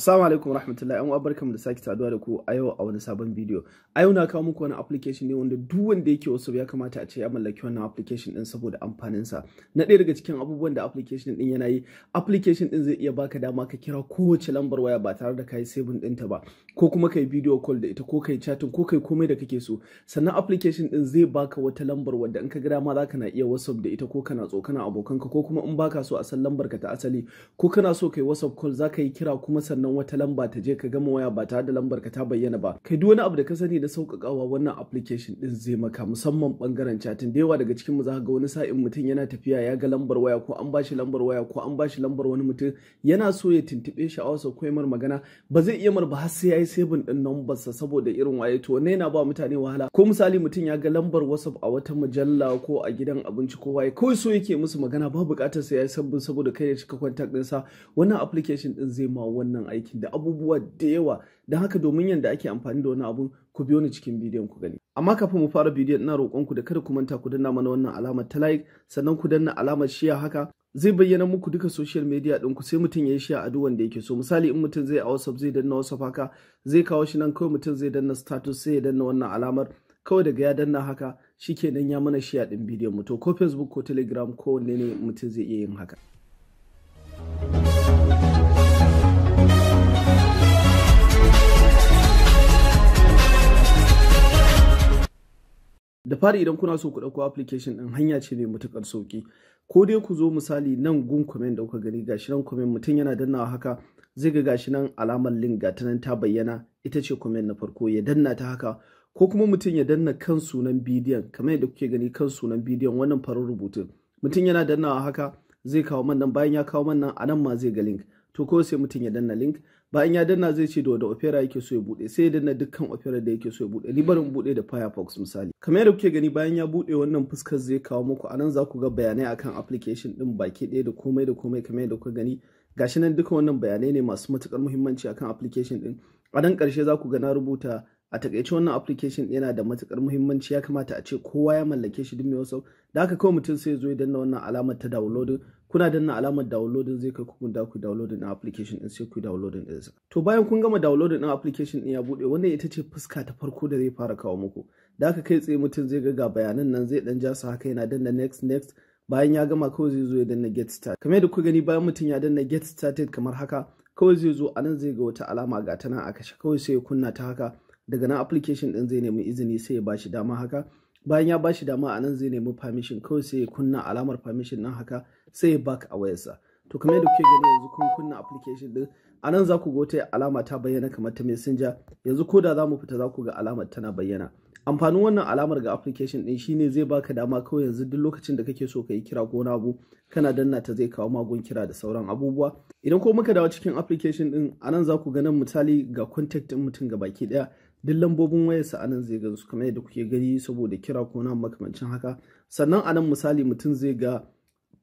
Assalamu alaikum rahmatullahi an barkamu da sake saduwa da ku a yau a wani sabon bidiyo. A yau na kawo muku wani application ne wanda duk wanda yake wasu ya kamata a ce ya mallaki wannan application din saboda amfanin sa. Na ɗaya daga cikin abubuwan da application din yana yi, application din zai iya baka dama ka kira kowace lambar waya ba tare da kai saving ɗinta ba, ko kuma kai video call da ita ko kai chatting ko kai komai da kake so. Sannan application din zai baka wata lambar wanda in ka ga dama za ka na iya WhatsApp da ita ko kana tsokana abokanka ko kuma in baka so a san lambar ka ta asali ko kana so kai WhatsApp call za ka yi kira kuma sannan nan wata lamba ta je ka gama waya ba tare da lambar ka ta bayyana ba kai duk wani abu da ka sani da sauƙaƙawa wannan application din zai maka musamman bangaren chatting da yawa daga cikin mu za ga wani sa'in mutum yana tafiya ya ga lambar waya ko an bashi lambar waya ko an bashi lambar wani mutum yana so ya tuntube shi a wasa ko mar magana ba zai iya mar ba har sai yi saving din number sa saboda irin waye to wannan yana ba mutane wahala ko misali mutum ya ga lambar WhatsApp a wata mujalla ko a gidan abinci ko waye kawai so yake musu magana ba bukatar sai yi sabbin saboda kai ya cika contact din sa wannan application din zai ma wannan aiki aikin da abubuwa da yawa don haka domin yadda ake amfani da wani abun ku biyo ni cikin bidiyon ku gani amma kafin mu fara bidiyon ina roƙon ku da kada ku manta ku danna mana wannan alamar ta like sannan ku danna alamar shiya haka zai bayyana muku duka social media din ku sai mutum ya yi shiya a duk wanda yake so misali in mutum zai a WhatsApp zai danna WhatsApp haka zai kawo shi nan kawai mutum zai danna status sai ya danna wannan alamar kawai daga ya danna haka shikenan ya mana shiya din bidiyon mu to ko Facebook ko Telegram ko wanne ne mutum zai iya yin haka da fari idan kuna so ku ɗauko application ɗin hanya ce mai matuƙar sauƙi ko dai ku zo misali nan gun comment da kuka gani gashi nan comment mutum yana dannawa haka zai ga gashi nan alamar link ga ta nan ta bayyana ita ce comment na farko ya danna ta haka ko kuma mutum ya danna kan sunan bidiyon kamar yadda kuke gani kan sunan bidiyon wannan farin rubutun mutum yana dannawa haka zai kawo man nan bayan ya kawo man nan a nan ma zai ga link to ko sai mutum ya danna link bayan ya danna zai ce da wada opera yake so ya bude sai ya danna dukkan opera da yake so ya bude ni barin bude da firefox misali kamar yadda kuke gani bayan ya bude wannan fuskar zai kawo muku anan za ku ga bayanai akan application din baki ɗaya da komai da komai kamar yadda kuka gani gashi nan duka wannan bayanai ne masu matukar muhimmanci akan application din a nan karshe za ku ga na rubuta a takaice wannan application yana da matukar muhimmanci ya kamata a ce kowa ya mallake shi dumi wasu da haka kawai mutum sai zai zo ya danna wannan alamar ta downloadin kuna danna alamar downloadin zai kai ku da ku downloadin din application din sai ku downloadin din sa to bayan kun gama downloadin din application din ya bude wannan ita ce fuska ta farko da zai fara kawo muku da haka kai tsaye mutum zai ga bayanan nan zai dan ja haka yana danna next next bayan ya gama kawai zai zo ya danna get started kamar da ku gani bayan mutum ya danna get started kamar haka kawai zai zo anan zai ga wata alama ga ta nan a kashe kawai sai ya kunna ta haka daga nan application din zai nemi izini sai ya bashi dama haka bayan ya bashi dama a nan zai nemi permission kawai sai ya kunna alamar permission nan haka sai ya back a wayarsa to kamar yadda kuke gani yanzu kun kunna application din a nan za ku ga wata alama ta bayyana kamar ta messenger yanzu ko da za mu fita za ku ga alamar tana bayyana amfanin wannan alamar ga application din shine zai baka dama kawai yanzu duk lokacin da kake so ka yi kira ko wani abu kana danna ta zai kawo magun kira da sauran abubuwa idan ko muka dawo cikin application din anan za ku ga nan misali ga contact din mutum ga baki daya duk lambobin wayarsa a nan zai gan su kamar yadda kuke gani saboda kira ko na makamancin haka sannan anan misali mutum zai ga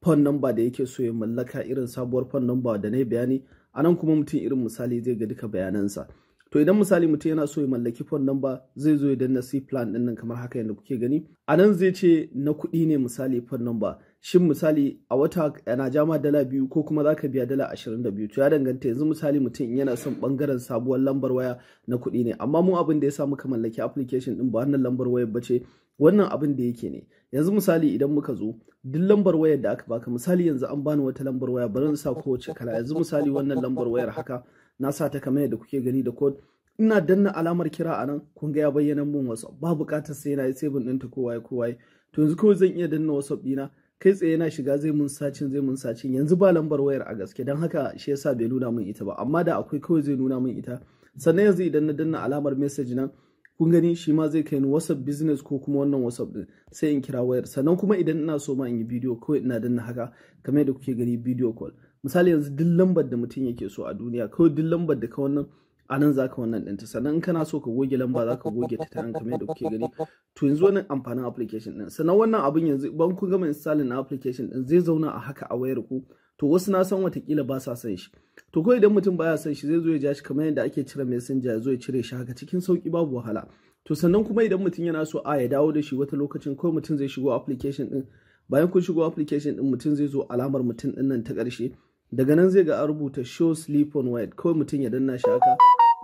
phone number da yake so ya mallaka irin sabuwar phone number da na bayani anan kuma mutum irin misali zai ga duka bayanansa to idan misali mutum yana so ya mallaki phone number zai zo ya danna C plan din nan kamar haka yadda kuke gani a nan zai ce na kuɗi ne misali phone number shin misali a wata yana jama dala biyu ko kuma za ka biya dala ashirin da biyu to ya danganta yanzu misali mutum yana son bangaren sabuwar lambar waya na kuɗi ne amma mu abin da ya sa muka mallaki application din ba wannan lambar wayar ce wannan abin da yake ne yanzu misali idan muka zo duk lambar wayar da aka baka misali yanzu an bani wata lambar waya bari in sa kowace kala yanzu misali wannan lambar wayar haka na sa ta kamar yadda kuke gani da ko ina danna alamar kira a nan kun ga ya bayyana mun wasu ba bukatar sai na yi saving ɗinta kowaye kowaye. to yanzu kawai zan iya danna wasu ɗina kai tsaye yana shiga zai mun sacin zai mun sacin yanzu ba lambar wayar a gaske don haka shi yasa bai nuna mun ita ba amma da akwai kawai zai nuna min ita sannan yanzu idan na danna alamar message nan kun gani shi ma zai kai ni whatsapp business ko kuma wannan whatsapp din sai in kira wayar sannan kuma idan ina so ma in yi bidiyo kawai ina danna haka kamar yadda kuke gani bidiyo call misali yanzu duk lambar da mutum yake so a duniya kawai duk lambar da ka wannan a nan za ka wannan ɗinta sannan in kana so ka goge lamba za ka goge ta ta nan kamar yadda kuke gani to yanzu wannan amfanin application ɗin sannan wannan abin yanzu ban kun gama installing na application ɗin zai zauna a haka a wayar ku to wasu na san watakila ba sa san shi to ko idan mutum baya son shi zai zo ya ja shi kamar yadda ake cire messenger ya zo ya cire shi haka cikin sauki babu wahala to sannan kuma idan mutum yana so a ya dawo da shi wata lokacin ko mutum zai shigo application ɗin bayan kun shigo application ɗin mutum zai zo alamar mutum ɗin nan ta ƙarshe daga nan zai ga a rubuta show sleep on white kawai mutum ya danna shi haka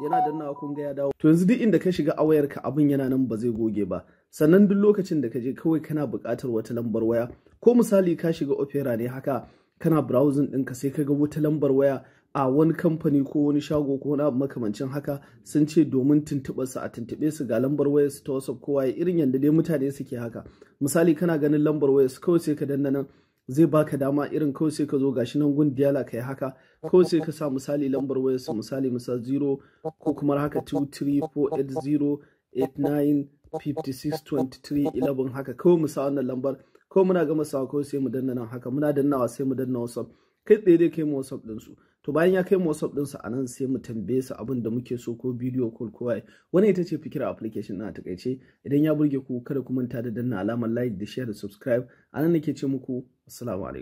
yana danna kun ga ya dawo to yanzu duk inda ka shiga a wayarka abin yana nan ba zai goge ba sannan duk lokacin da ka je kawai kana buƙatar wata lambar waya ko misali ka shiga opera ne haka kana browsing ɗinka sai ka ga wata lambar waya a wani kamfani ko wani shago ko wani makamancin haka sun ce domin tuntuɓar su a tuntuɓe su ga lambar wayar su ta wasaf kowa irin yadda dai mutane suke haka misali kana ganin lambar waya su kawai sai ka danna nan zai baka dama irin kawai sai ka zo gashi nan gun diyala ka yi haka kawai sai ka sa misali lambar waya su misali misa 0 ko kuma haka 2348089562311 haka kawai mu sa wannan lambar kawai muna gama sa kawai sai mu danna nan haka muna dannawa sai mu danna WhatsApp kai tsaye dai kai mu WhatsApp din su to bayan ya kai mu WhatsApp din su anan sai mu tambaye su abin da muke so ko bidiyo call ko wai wani ita ce fikira application na takaice idan ya burge ku kada ku manta da danna alamar like da share da subscribe anan nake ce muku والسلام عليكم